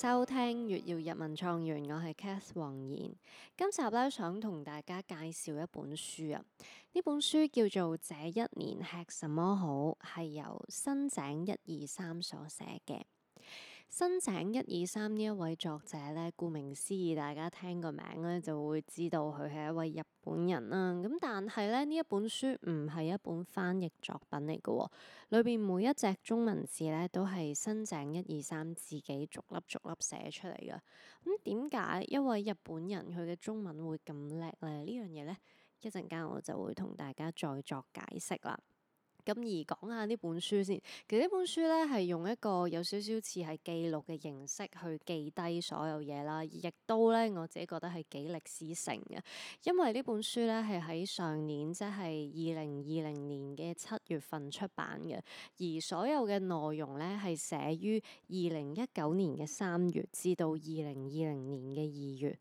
收聽月曜日文創園，我係 Cath 王燕。今集咧想同大家介紹一本書啊，呢本書叫做《這一年吃什麼好》，係由新井一二三所寫嘅。新井一二三呢一位作者呢，顧名思義，大家聽個名呢就會知道佢係一位日本人啦。咁但係呢，呢一本書唔係一本翻譯作品嚟嘅喎，裏邊每一隻中文字呢，都係新井一二三自己逐粒逐粒寫出嚟嘅。咁點解一位日本人佢嘅中文會咁叻呢？呢樣嘢呢，一陣間我就會同大家再作解釋啦。咁而講下呢本書先，其實呢本書咧係用一個有少少似係記錄嘅形式去記低所有嘢啦，亦都咧我自己覺得係幾歷史性嘅，因為呢本書咧係喺上年即係二零二零年嘅七月份出版嘅，而所有嘅內容咧係寫於二零一九年嘅三月至到二零二零年嘅二月。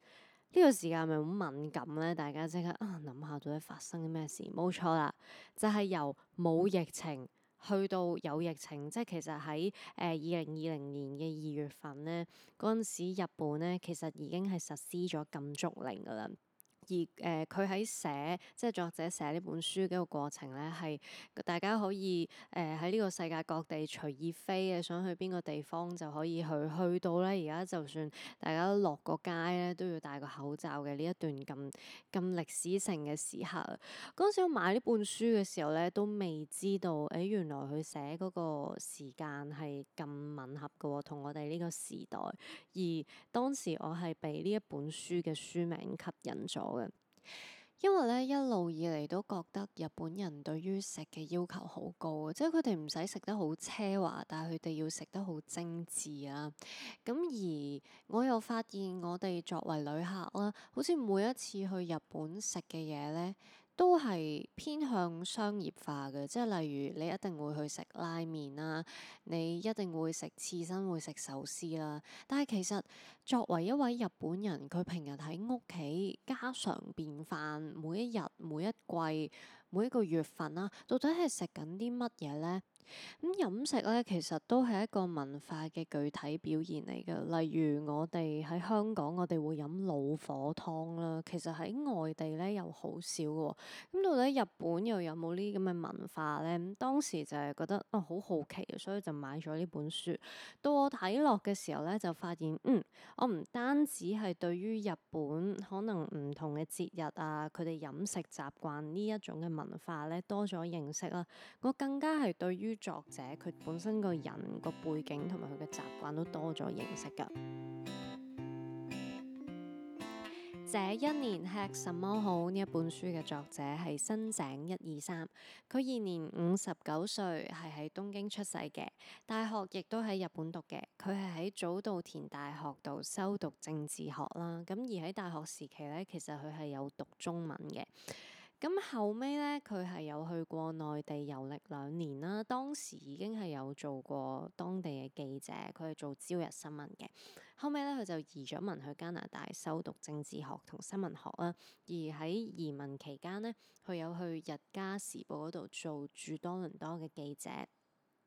呢個時間咪好敏感呢？大家即刻啊諗下到底發生啲咩事？冇錯啦，就係由冇疫情去到有疫情，即係其實喺誒二零二零年嘅二月份呢，嗰陣時日本呢，其實已經係實施咗禁足令噶啦。而誒，佢、呃、喺寫即係作者寫呢本書嘅個過程咧，係大家可以誒喺呢個世界各地隨意飛嘅，想去邊個地方就可以去。去到咧而家就算大家都落個街咧，都要戴個口罩嘅呢一段咁咁歷史性嘅時刻。嗰陣時我買呢本書嘅時候咧，都未知道誒、欸、原來佢寫嗰個時間係咁吻合㗎喎，同我哋呢個時代。而當時我係被呢一本書嘅書名吸引咗。因為呢一路以嚟都覺得日本人對於食嘅要求好高，即係佢哋唔使食得好奢華，但係佢哋要食得好精緻啊。咁而我又發現我哋作為旅客啦，好似每一次去日本食嘅嘢呢。都係偏向商業化嘅，即係例如你一定會去食拉麵啦、啊，你一定會食刺身，會食壽司啦、啊。但係其實作為一位日本人，佢平日喺屋企家常便飯，每一日、每一季、每一個月份啦、啊，到底係食緊啲乜嘢呢？咁、嗯、飲食咧，其實都係一個文化嘅具體表現嚟嘅。例如我哋喺香港，我哋會飲老火湯啦。其實喺外地咧又好少喎、哦。咁、嗯、到底日本又有冇呢啲咁嘅文化咧？當時就係覺得啊，好、哦、好奇，所以就買咗呢本書。到我睇落嘅時候咧，就發現嗯，我唔單止係對於日本可能唔同嘅節日啊，佢哋飲食習慣呢一種嘅文化咧多咗認識啦。我更加係對於作者佢本身個人個背景同埋佢嘅習慣都多咗認識㗎。 這一年吃什麼好呢？一本書嘅作者係新井一二三，佢現年五十九歲，係喺東京出世嘅，大學亦都喺日本讀嘅。佢係喺早稻田大學度修讀政治學啦。咁而喺大學時期呢，其實佢係有讀中文嘅。咁後尾咧，佢係有去過內地遊歷兩年啦。當時已經係有做過當地嘅記者，佢係做朝日新聞嘅。後尾咧，佢就移咗民去加拿大，修讀政治學同新聞學啦。而喺移民期間咧，佢有去《日加時報》嗰度做駐多倫多嘅記者。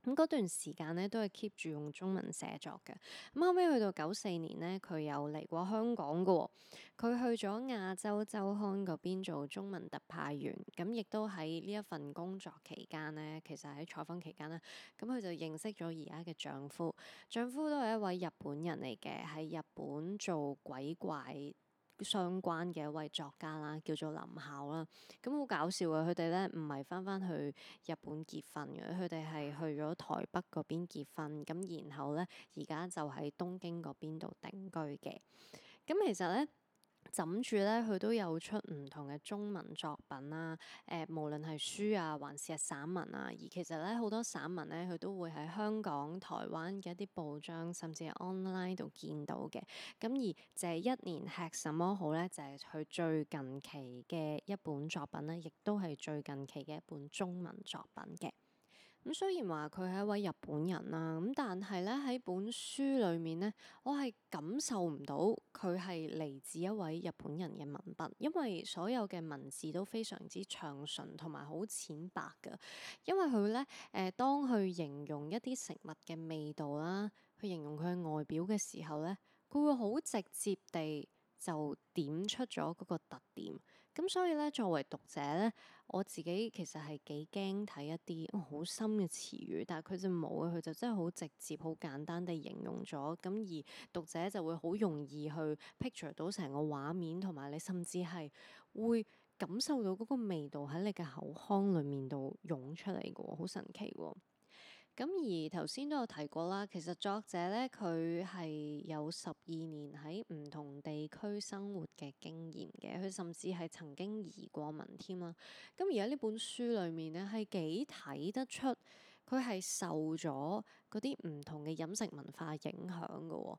咁嗰段時間咧，都係 keep 住用中文寫作嘅。咁後尾去到九四年咧，佢有嚟過香港㗎喎。佢去咗亞洲周刊嗰邊做中文特派員。咁亦都喺呢一份工作期間咧，其實喺採訪期間啦，咁佢就認識咗而家嘅丈夫。丈夫都係一位日本人嚟嘅，喺日本做鬼怪。相關嘅一位作家啦，叫做林孝啦，咁好搞笑嘅，佢哋咧，唔係返返去日本結婚嘅，佢哋係去咗台北嗰邊結婚，咁然後咧，而家就喺東京嗰邊度定居嘅，咁其實咧。枕住咧，佢都有出唔同嘅中文作品啦、啊。誒、呃，無論係書啊，還是係散文啊，而其實咧好多散文咧，佢都會喺香港、台灣嘅一啲報章，甚至係 online 度見到嘅。咁而就係《這一年吃些什麼好》咧，就係、是、佢最近期嘅一本作品咧，亦都係最近期嘅一本中文作品嘅。咁雖然話佢係一位日本人啦，咁但係咧喺本書裏面咧，我係感受唔到佢係嚟自一位日本人嘅文筆，因為所有嘅文字都非常之暢順同埋好淺白㗎。因為佢咧誒，當去形容一啲食物嘅味道啦，去形容佢嘅外表嘅時候咧，佢會好直接地就點出咗嗰個特點。咁所以咧，作為讀者咧，我自己其實係幾驚睇一啲好深嘅詞語，但係佢就冇嘅，佢就真係好直接、好簡單地形容咗。咁而讀者就會好容易去 picture 到成個畫面，同埋你甚至係會感受到嗰個味道喺你嘅口腔裡面度湧出嚟嘅喎，好神奇喎、哦！咁而頭先都有提過啦，其實作者咧佢係有十二年喺唔同地區生活嘅經驗嘅，佢甚至係曾經移過民添啊。咁而家呢本書裏面咧，係幾睇得出佢係受咗嗰啲唔同嘅飲食文化影響嘅喎。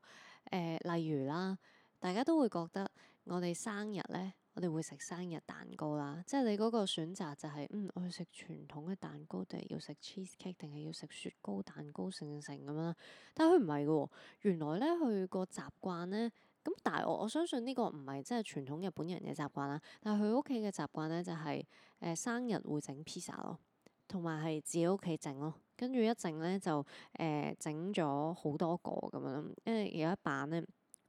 誒，例如啦，大家都會覺得我哋生日咧。我哋會食生日蛋糕啦，即係你嗰個選擇就係、是，嗯，我去食傳統嘅蛋糕，定係要食 cheesecake，定係要食雪糕蛋糕成成咁樣啦。但係佢唔係嘅喎，原來咧佢個習慣咧，咁但係我我相信呢個唔係即係傳統日本人嘅習慣啦。但係佢屋企嘅習慣咧就係、是，誒、呃、生日會整 pizza 咯，同埋係自己屋企整咯。跟住一整咧就誒整咗好多個咁樣，因為有一版咧。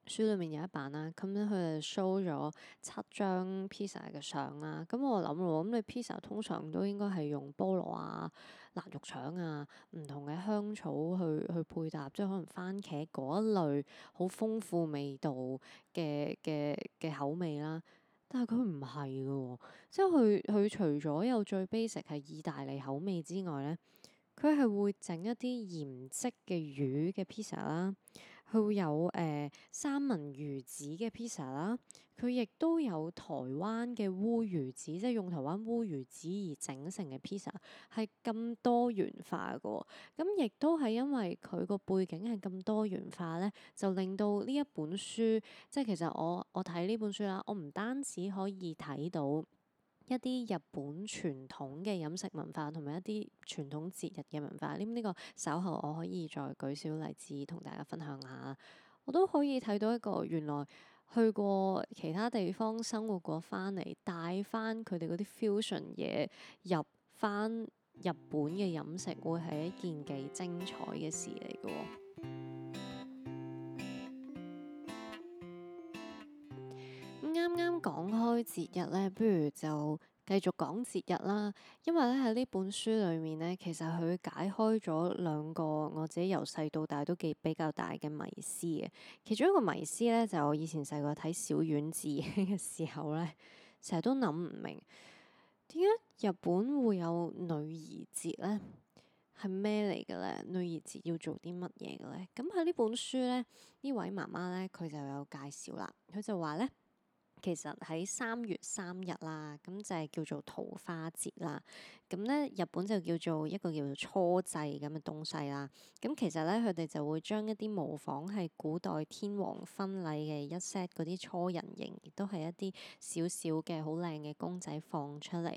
書裡面有一版啦，咁樣佢就 show 咗七張 pizza 嘅相啦。咁我諗咯，咁你 pizza 通常都應該係用菠蘿啊、辣肉腸啊、唔同嘅香草去去配搭，即係可能番茄嗰一類好豐富味道嘅嘅嘅口味啦。但係佢唔係嘅，即係佢佢除咗有最 basic 係意大利口味之外呢，佢係會整一啲鹽漬嘅魚嘅 pizza 啦。佢會有誒、呃、三文魚子嘅 pizza 啦，佢亦都有台灣嘅烏魚子，即係用台灣烏魚子而整成嘅 pizza，係咁多元化嘅。咁亦都係因為佢個背景係咁多元化咧，就令到呢一本書，即係其實我我睇呢本書啦，我唔單止可以睇到。一啲日本傳統嘅飲食文化同埋一啲傳統節日嘅文化，咁、這、呢個稍後我可以再舉少例子同大家分享下。我都可以睇到一個原來去過其他地方生活過翻嚟，帶翻佢哋嗰啲 fusion 嘢入翻日本嘅飲食，會係一件幾精彩嘅事嚟㗎喎。啱啱講開節日呢，不如就繼續講節日啦。因為呢喺呢本書裏面呢，其實佢解開咗兩個我自己由細到大都幾比較大嘅迷思嘅。其中一個迷思呢，就我以前細個睇小丸子嘅時候呢，成日都諗唔明點解日本會有女兒節呢？係咩嚟嘅呢？女兒節要做啲乜嘢嘅呢？咁喺呢本書呢，呢位媽媽呢，佢就有介紹啦。佢就話呢。其實喺三月三日啦，咁就係叫做桃花節啦。咁咧，日本就叫做一個叫做初祭咁嘅東西啦。咁其實咧，佢哋就會將一啲模仿係古代天皇婚禮嘅一 set 啲初人形，亦都係一啲少少嘅好靚嘅公仔放出嚟，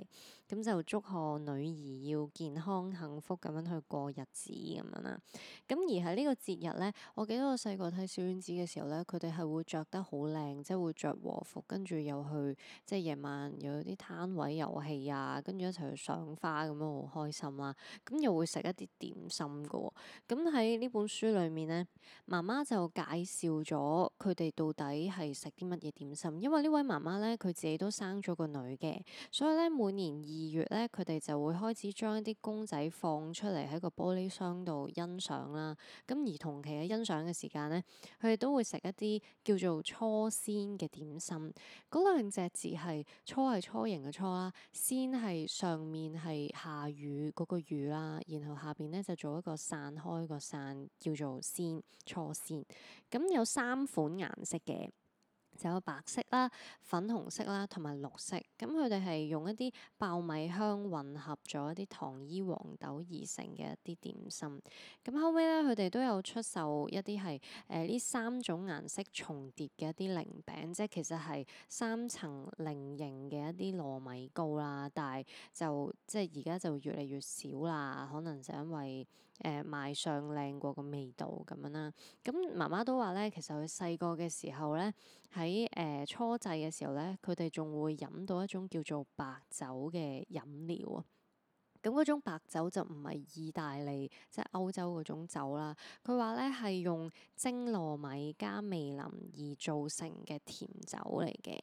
咁就祝賀女兒要健康幸福咁樣去過日子咁樣啦。咁而喺呢個節日咧，我記得我細個睇小丸子嘅時候咧，佢哋係會着得好靚，即係會著和服，跟住又去即係夜晚又有啲攤位遊戲啊，跟住一齊去上。咁樣好開心啦，啊，咁又會食一啲點心噶喎，哦。咁喺呢本書裏面呢，媽媽就介紹咗佢哋到底係食啲乜嘢點心。因為呢位媽媽呢，佢自己都生咗個女嘅，所以呢，每年二月呢，佢哋就會開始將一啲公仔放出嚟喺個玻璃箱度欣賞啦。咁兒童期嘅欣賞嘅時間呢，佢哋都會食一啲叫做初鮮嘅點心。嗰兩隻字係初係初型嘅初啦，啊，先係上面係。係下雨嗰個雨啦，然後下邊咧就做一個散開嗰個傘，叫做扇錯扇，咁有三款顏色嘅。就有白色啦、粉紅色啦，同埋綠色。咁佢哋係用一啲爆米香混合咗一啲糖衣黃豆而成嘅一啲點心。咁後尾咧，佢哋都有出售一啲係誒呢三種顏色重疊嘅一啲菱餅，即係其實係三層菱形嘅一啲糯米糕啦。但係就即係而家就越嚟越少啦，可能就因為。誒賣相靚過個味道咁樣啦，咁媽媽都話咧，其實佢細個嘅時候咧，喺誒、呃、初制嘅時候咧，佢哋仲會飲到一種叫做白酒嘅飲料啊。咁嗰種白酒就唔係意大利即係、就是、歐洲嗰種酒啦。佢話咧係用蒸糯米加味醂而做成嘅甜酒嚟嘅。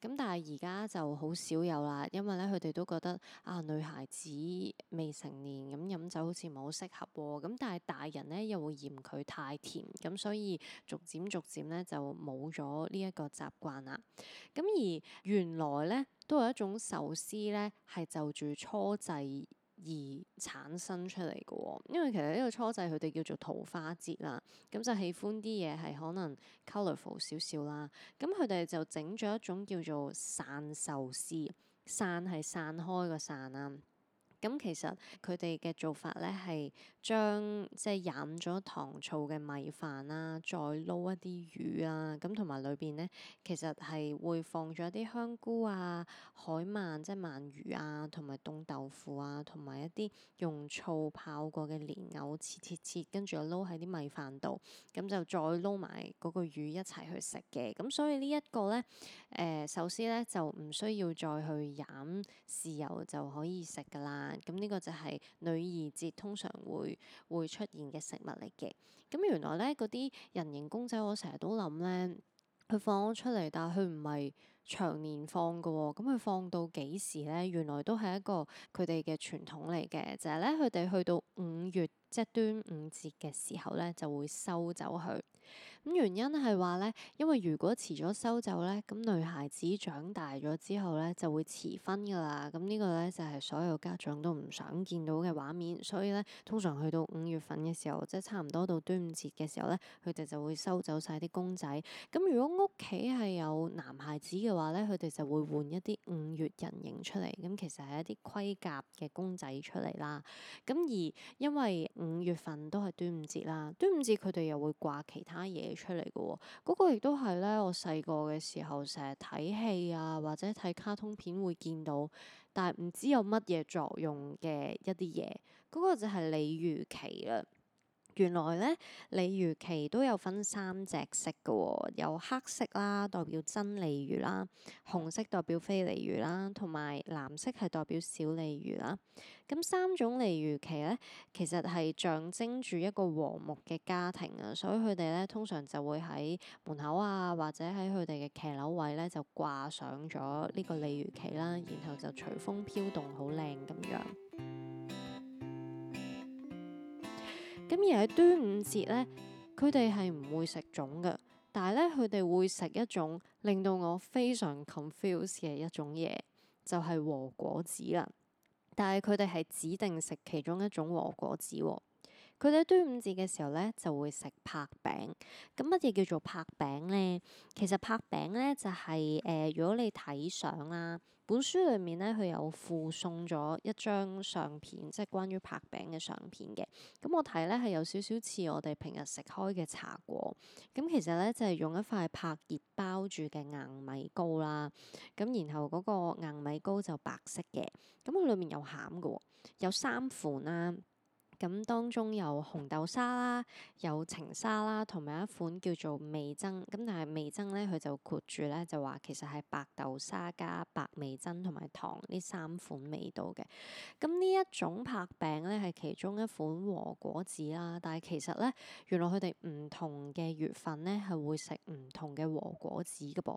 咁但係而家就好少有啦，因為咧佢哋都覺得啊女孩子未成年咁飲酒好似唔係好適合喎、啊。咁但係大人咧又會嫌佢太甜，咁所以逐漸逐漸咧就冇咗呢一個習慣啦。咁而原來咧都有一種壽司咧係就住初製，而產生出嚟嘅喎，因為其實呢個初制佢哋叫做桃花節啦，咁就喜歡啲嘢係可能 colourful 少少啦，咁佢哋就整咗一種叫做散壽司，散係散開個散啊。咁其實佢哋嘅做法咧係將即係飲咗糖醋嘅米飯啦、啊，再撈一啲魚啊，咁同埋裏邊咧其實係會放咗啲香菇啊、海鰻即係鰻魚啊，同埋凍豆腐啊，同埋一啲用醋泡過嘅蓮藕切切切，跟住又撈喺啲米飯度，咁就再撈埋嗰個魚一齊去食嘅。咁所以呢一個咧，誒、呃、壽司咧就唔需要再去飲豉油就可以食噶啦。咁呢個就係女兒節通常會會出現嘅食物嚟嘅。咁原來咧嗰啲人形公仔，我成日都諗咧，佢放咗出嚟，但係佢唔係長年放㗎喎。咁佢放到幾時咧？原來都係一個佢哋嘅傳統嚟嘅。就係咧，佢哋去到五月即係端午節嘅時候咧，就會收走佢。咁原因係話咧，因為如果遲咗收走咧，咁女孩子長大咗之後咧就會遲婚噶啦。咁呢個咧就係所有家長都唔想見到嘅畫面。所以咧，通常去到五月份嘅時候，即係差唔多到端午節嘅時候咧，佢哋就會收走晒啲公仔。咁如果屋企係有男孩子嘅話咧，佢哋就會換一啲五月人形出嚟。咁其實係一啲盔甲嘅公仔出嚟啦。咁而因為五月份都係端午節啦，端午節佢哋又會掛其他嘢。出嚟嘅喎，嗰個亦都係咧，我細個嘅時候成日睇戲啊，或者睇卡通片會見到，但係唔知有乜嘢作用嘅一啲嘢，嗰個就係鯉魚旗啦。原來咧，鯉魚旗都有分三隻色嘅喎、哦，有黑色啦，代表真鯉魚啦；紅色代表非鯉魚啦，同埋藍色係代表小鯉魚啦。咁三種鯉魚旗咧，其實係象徵住一個和睦嘅家庭啊。所以佢哋咧，通常就會喺門口啊，或者喺佢哋嘅騎樓位咧，就掛上咗呢個鯉魚旗啦，然後就隨風飄動，好靚咁樣。咁而喺端午節咧，佢哋係唔會食粽嘅，但係咧，佢哋會食一種令到我非常 confuse 嘅一種嘢，就係、是、和果子啦。但係佢哋係指定食其中一種和果子、哦。佢哋喺端午節嘅時候咧，就會食柏餅。咁乜嘢叫做柏餅咧？其實柏餅咧就係、是、誒、呃，如果你睇相啦。本書裏面咧，佢有附送咗一張相片，即係關於拍餅嘅相片嘅。咁我睇咧係有少少似我哋平日食開嘅茶果。咁其實咧就係、是、用一塊拍葉包住嘅硬米糕啦。咁然後嗰個硬米糕就白色嘅。咁佢裏面有餡嘅，有三款啦。咁當中有紅豆沙啦，有情沙啦，同埋一款叫做味噌。咁但係味噌咧，佢就括住咧就話其實係白豆沙加白味噌同埋糖呢三款味道嘅。咁呢一種柏餅咧係其中一款和果子啦，但係其實咧原來佢哋唔同嘅月份咧係會食唔同嘅和果子嘅噃。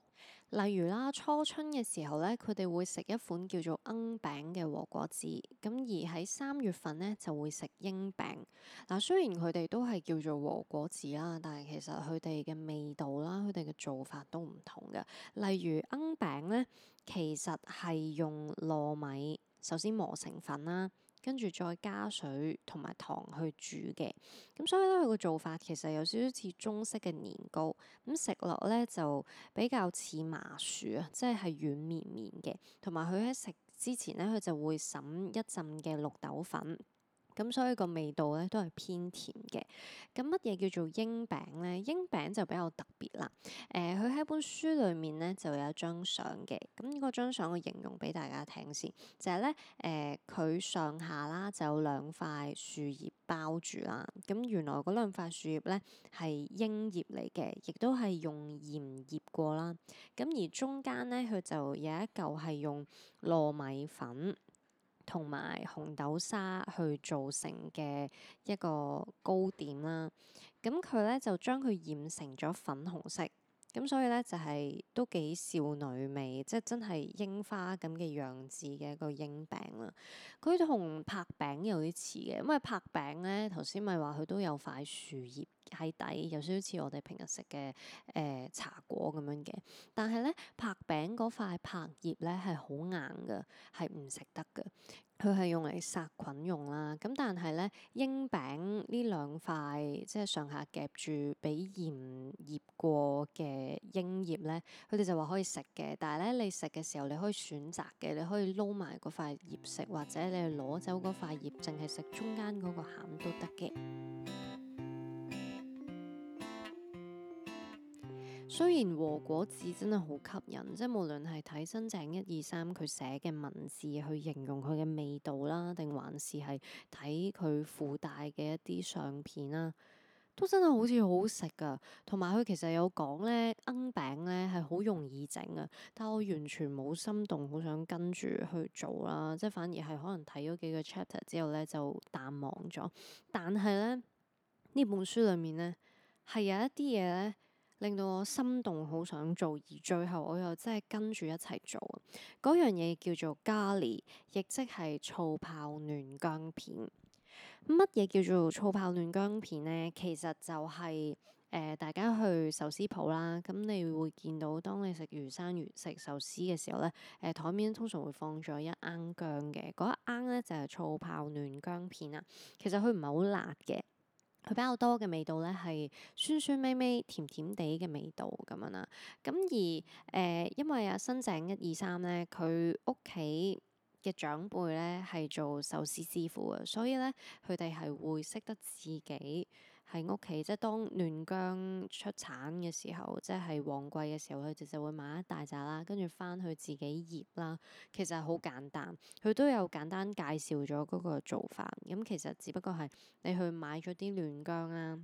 例如啦，初春嘅時候咧，佢哋會食一款叫做鶯餅嘅和果子，咁而喺三月份咧就會食櫻餅。嗱，雖然佢哋都係叫做和果子啦，但係其實佢哋嘅味道啦、佢哋嘅做法都唔同嘅。例如鶯餅咧，其實係用糯米首先磨成粉啦。跟住再加水同埋糖去煮嘅，咁所以咧佢個做法其實有少少似中式嘅年糕，咁食落咧就比較似麻薯啊，即係係軟綿綿嘅，同埋佢喺食之前咧佢就會揼一陣嘅綠豆粉。咁所以個味道咧都係偏甜嘅。咁乜嘢叫做櫻餅咧？櫻餅就比較特別啦。誒、呃，佢喺本書裡面咧就有一張相嘅。咁嗰張相我形容俾大家聽先，就係咧誒，佢、呃、上下啦就有兩塊樹葉包住啦。咁原來嗰兩塊樹葉咧係櫻葉嚟嘅，亦都係用鹽醃過啦。咁而中間咧佢就有一嚿係用糯米粉。同埋紅豆沙去做成嘅一個糕點啦，咁佢呢就將佢染成咗粉紅色。咁所以咧就係都幾少女味，即係真係櫻花咁嘅樣子嘅一個櫻餅啦。佢同柏餅有啲似嘅，因為柏餅咧，頭先咪話佢都有塊樹葉喺底，有少少似我哋平日食嘅誒茶果咁樣嘅。但係咧，柏餅嗰塊柏葉咧係好硬㗎，係唔食得㗎。佢係用嚟殺菌用啦，咁但係呢，櫻餅呢兩塊即係上下夾住俾鹽醃過嘅櫻葉呢，佢哋就話可以食嘅。但係呢，你食嘅時候你可以選擇嘅，你可以撈埋嗰塊葉食，或者你攞走嗰塊葉，淨係食中間嗰個餡都得嘅。雖然和果子真係好吸引，即係無論係睇《新井一二三》佢寫嘅文字去形容佢嘅味道啦，定還是係睇佢附帶嘅一啲相片啦，都真係好似好好食㗎。同埋佢其實有講呢櫻餅呢係好容易整啊，但我完全冇心動，好想跟住去做啦。即係反而係可能睇咗幾個 chapter 之後呢，就淡忘咗。但係呢，呢本書裡面呢，係有一啲嘢呢，令到我心動，好想做，而最後我又真係跟住一齊做。嗰樣嘢叫做咖喱，亦即係醋泡嫩薑片。乜嘢叫做醋泡嫩薑片呢？其實就係、是呃、大家去壽司鋪啦。咁你會見到，當你食魚生魚、魚食壽司嘅時候呢，誒、呃、台面通常會放咗一罌薑嘅。嗰一罌呢，就係醋泡嫩薑片啊。其實佢唔係好辣嘅。佢比較多嘅味道咧，係酸酸味味、甜甜哋嘅味道咁樣啦、啊。咁而誒、呃，因為阿、啊、新井一二三咧，佢屋企嘅長輩咧係做壽司師傅啊，所以咧佢哋係會識得自己。喺屋企即係當嫩薑出產嘅時候，即係旺季嘅時候，佢直就會買一大紮啦，跟住翻去自己醃啦。其實好簡單，佢都有簡單介紹咗嗰個做法。咁，嗯，其實只不過係你去買咗啲嫩薑啦。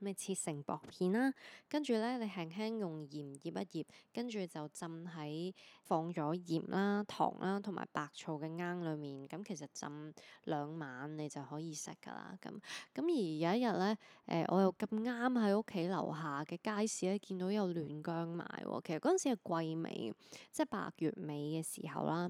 咪切成薄片啦，跟住咧你輕輕用鹽醃一醃，跟住就浸喺放咗鹽啦、糖啦同埋白醋嘅罌裏面，咁、嗯、其實浸兩晚你就可以食噶啦。咁、嗯、咁、嗯、而有一日咧，誒、呃、我又咁啱喺屋企樓下嘅街市咧見到有嫩薑賣，其實嗰陣時係季尾，即係八月尾嘅時候啦。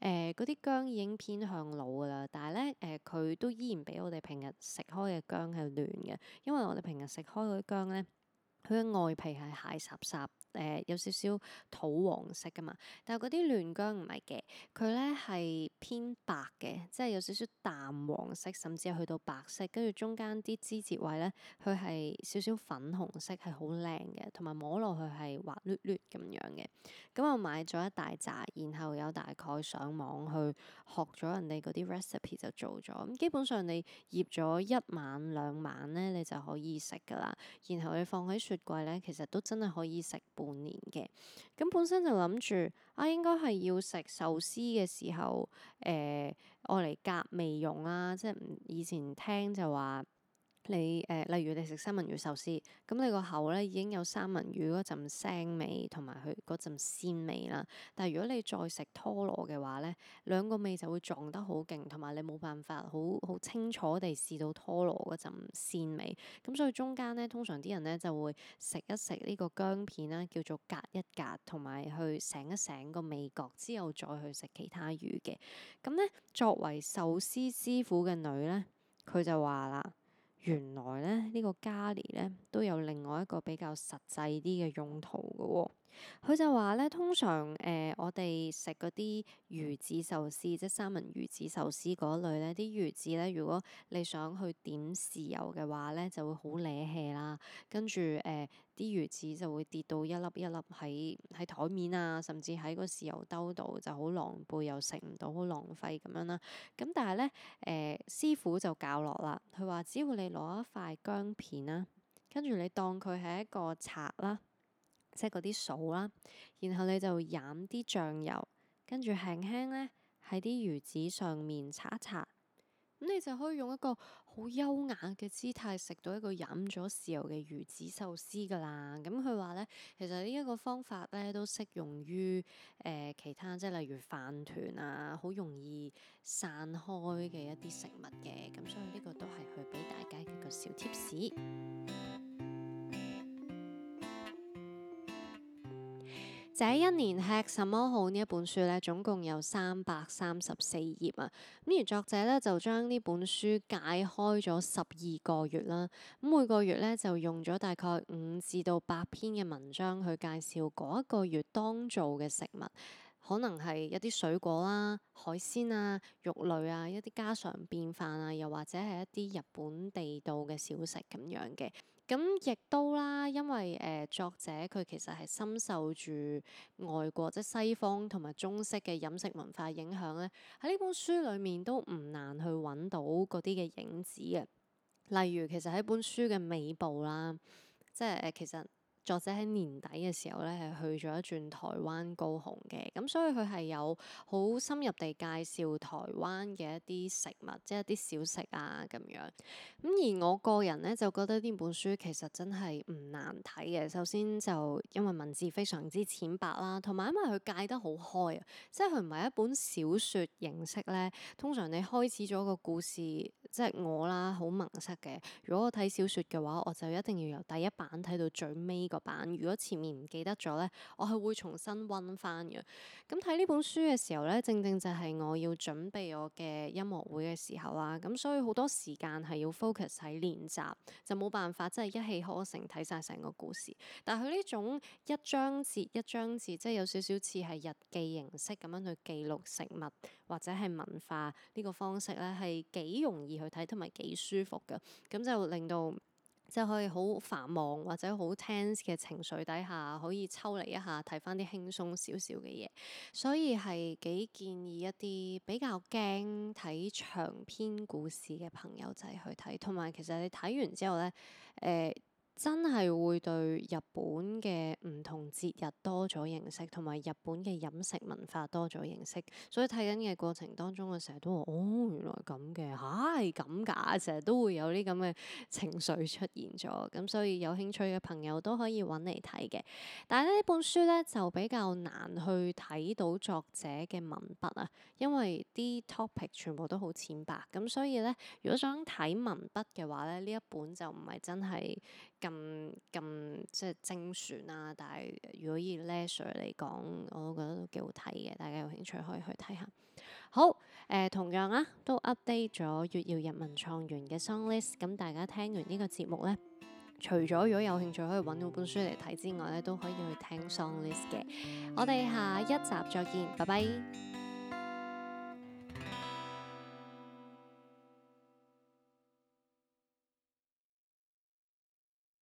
誒嗰啲薑已經偏向老噶啦，但係咧誒佢都依然比我哋平日食開嘅薑係嫩嘅，因為我哋平日。食開嗰啲薑呢，佢嘅外皮係蟹雜雜。誒、呃、有少少土黃色噶嘛，但係嗰啲嫩薑唔係嘅，佢咧係偏白嘅，即係有少少淡黃色，甚至係去到白色，跟住中間啲枝節位咧，佢係少少粉紅色，係好靚嘅，同埋摸落去係滑捋捋咁樣嘅。咁我買咗一大扎，然後有大概上網去學咗人哋嗰啲 recipe 就做咗。咁基本上你醃咗一晚兩晚咧，你就可以食噶啦。然後你放喺雪櫃咧，其實都真係可以食。半年嘅，咁本身就諗住啊，應該係要食壽司嘅時候，誒、呃，愛嚟夾味用啦，啊，即係唔，以前聽就話。你誒、呃，例如你食三文魚壽司，咁你個口咧已經有三文魚嗰陣腥味同埋佢嗰陣鮮味啦。但係如果你再食拖羅嘅話咧，兩個味就會撞得好勁，同埋你冇辦法好好清楚地試到拖羅嗰陣鮮味。咁所以中間咧，通常啲人咧就會食一食呢個薑片啦，叫做隔一隔，同埋去醒一醒個味覺之後再去食其他魚嘅。咁咧，作為壽司師傅嘅女咧，佢就話啦。原來咧，這個、呢個咖喱咧都有另外一個比較實際啲嘅用途嘅喎。佢就話咧，通常誒、呃，我哋食嗰啲魚子壽司，即係三文魚子壽司嗰類咧，啲魚子咧，如果你想去點豉油嘅話咧，就會好嘥氣啦。跟住誒，啲、呃、魚子就會跌到一粒一粒喺喺檯面啊，甚至喺個豉油兜度就好狼狽，又食唔到，好浪費咁樣啦。咁但係咧誒，師傅就教落啦，佢話只要你攞一塊薑片啦，跟住你當佢係一個刷啦。即係嗰啲素啦，然後你就飲啲醬油，跟住輕輕呢，喺啲魚子上面擦一擦，咁你就可以用一個好優雅嘅姿態食到一個飲咗豉油嘅魚子壽司噶啦。咁佢話呢，其實呢一個方法呢都適用於誒、呃、其他，即係例如飯團啊，好容易散開嘅一啲食物嘅。咁所以呢個都係佢俾大家一個小貼士。這一年吃什麼好呢？一本書咧總共有三百三十四頁啊，咁而作者咧就將呢本書解開咗十二個月啦，咁每個月咧就用咗大概五至到八篇嘅文章去介紹嗰一個月當造嘅食物，可能係一啲水果啦、海鮮啊、肉類啊、一啲家常便飯啊，又或者係一啲日本地道嘅小食咁樣嘅。咁亦都啦，因為誒、呃、作者佢其實係深受住外國即係西方同埋中式嘅飲食文化影響咧，喺呢本書裡面都唔難去揾到嗰啲嘅影子嘅。例如其實喺本書嘅尾部啦，即係誒、呃、其實。作者喺年底嘅時候咧，係去咗一轉台灣高雄嘅，咁所以佢係有好深入地介紹台灣嘅一啲食物，即係一啲小食啊咁樣，咁而我個人咧就覺得呢本書其實真係唔難睇嘅。首先就因為文字非常之淺白啦，同埋因為佢戒得好開啊，即係佢唔係一本小說形式咧。通常你開始咗個故事，即係我啦，好萌塞嘅。如果我睇小說嘅話，我就一定要由第一版睇到最尾。個版，如果前面唔記得咗呢，我係會重新温翻嘅。咁睇呢本書嘅時候呢，正正就係我要準備我嘅音樂會嘅時候喇，咁所以好多時間係要 focus 喺練習，就冇辦法即係、就是、一氣呵成睇晒成個故事。但係佢呢種一章節一章節，即、就、係、是、有少少似係日記形式咁樣去記錄食物或者係文化呢個方式呢，係幾容易去睇同埋幾舒服嘅，咁就令到。即係可以好繁忙或者好 tense 嘅情緒底下，可以抽離一下睇返啲輕鬆少少嘅嘢，所以係幾建議一啲比較驚睇長篇故事嘅朋友仔去睇，同埋其實你睇完之後呢。誒、呃。真係會對日本嘅唔同節日多咗認識，同埋日本嘅飲食文化多咗認識。所以睇緊嘅過程當中，我成日都話：哦，原來咁嘅，嚇係咁㗎！成日都會有啲咁嘅情緒出現咗。咁所以有興趣嘅朋友都可以揾嚟睇嘅。但係呢本書呢，就比較難去睇到作者嘅文筆啊，因為啲 topic 全部都好淺白。咁所以呢，如果想睇文筆嘅話咧，呢一本就唔係真係。咁咁即係精選啊！但係如果以 Leslie 嚟講，我都覺得都幾好睇嘅。大家有興趣可以去睇下。好誒、呃，同樣啊，都 update 咗《月曜日文創園》嘅 Song List。咁大家聽完呢個節目呢，除咗如果有興趣可以揾到本書嚟睇之外呢，都可以去聽 Song List 嘅。我哋下一集再見，拜拜。